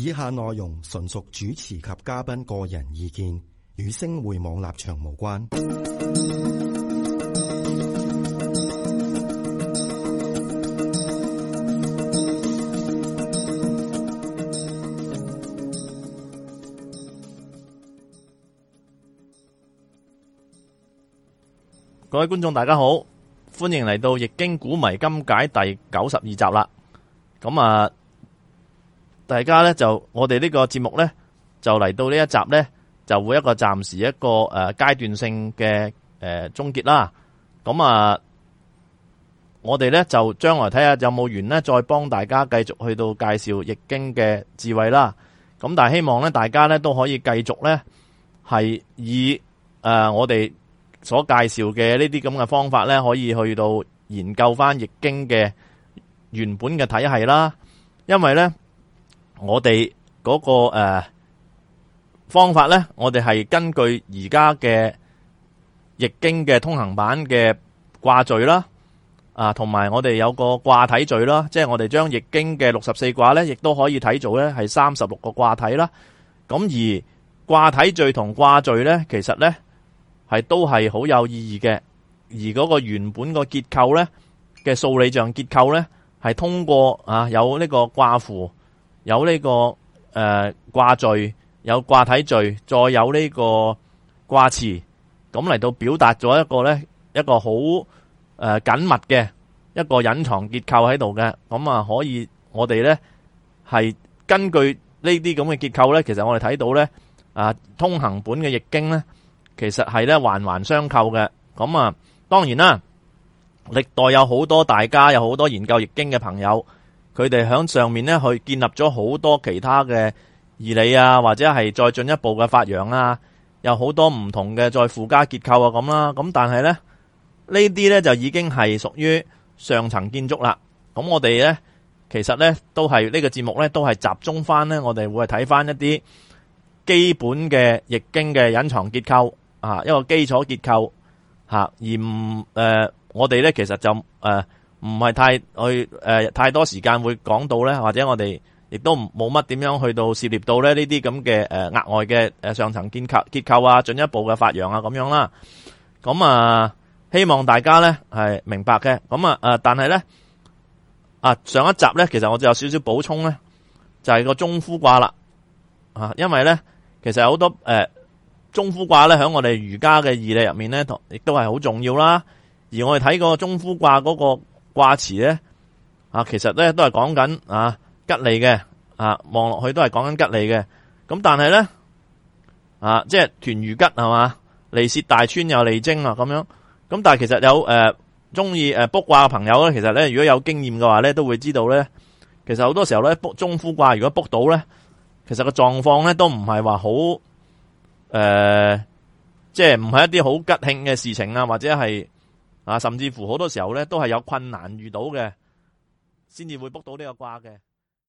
以下內容純屬主持及嘉賓個人意見，與星匯網立場無關。各位觀眾，大家好，歡迎嚟到《易經古謎今解》第九十二集啦。咁啊！大家咧就我哋呢個節目呢，就嚟到呢一集呢，就會一個暫時一個誒、呃、階段性嘅誒、呃、終結啦。咁啊，我哋呢，就將來睇下有冇緣呢，再幫大家繼續去到介紹易經嘅智慧啦。咁但係希望呢，大家呢都可以繼續呢，係以誒、呃、我哋所介紹嘅呢啲咁嘅方法呢，可以去到研究翻易經嘅原本嘅體系啦，因為呢。我哋嗰、那個誒、呃、方法咧，我哋係根據而家嘅易經嘅通行版嘅卦序啦，啊，同埋我哋有個卦體序啦，即係我哋將易經嘅六十四卦咧，亦都可以睇做咧係三十六個卦體啦。咁而卦體序同卦序咧，其實咧係都係好有意義嘅。而嗰個原本個結構咧嘅數理象結構咧，係通過啊有呢個卦符。有呢、這個誒卦、呃、序，有卦體序，再有呢個卦詞，咁嚟到表達咗一個呢一個好誒、呃、緊密嘅一個隱藏結構喺度嘅，咁啊可以我哋呢係根據呢啲咁嘅結構呢。其實我哋睇到呢啊通行本嘅易經呢，其實係呢環環相扣嘅，咁啊當然啦，歷代有好多大家有好多研究易經嘅朋友。佢哋喺上面咧，去建立咗好多其他嘅義理啊，或者係再進一步嘅發揚啊，有好多唔同嘅再附加結構啊咁啦。咁但係咧，呢啲咧就已經係屬於上層建築啦。咁我哋咧，其實咧都係呢個節目咧，都係集中翻咧，我哋會睇翻一啲基本嘅易經嘅隱藏結構啊，一個基礎結構吓，而唔誒，我哋咧其實就誒。唔係太去誒、呃，太多時間會講到咧，或者我哋亦都冇乜點樣去到涉獵到咧呢啲咁嘅誒額外嘅誒上層建構結構啊，進一步嘅發揚啊咁樣啦。咁啊，希望大家咧係明白嘅。咁啊誒、呃，但係咧啊上一集咧，其實我就有少少補充咧，就係、是、個中孚卦啦。啊，因為咧其實好多誒、呃、中孚卦咧喺我哋儒家嘅義理入面咧，亦都係好重要啦。而我哋睇過中孚卦嗰個。卦辭咧，啊，其實咧都係講緊啊吉利嘅，啊望落去都係講緊吉利嘅。咁但係咧，啊即係豚魚吉係嘛，利涉大川又利貞，啊咁樣。咁但係其實有誒中意誒卜卦嘅朋友咧，其實咧如果有經驗嘅話咧，都會知道咧，其實好多時候咧卜中孚卦如果卜到咧，其實個狀況咧都唔係話好誒，即係唔係一啲好吉慶嘅事情啊，或者係。啊，甚至乎好多時候咧，都係有困難遇到嘅，先至會卜到呢個卦嘅。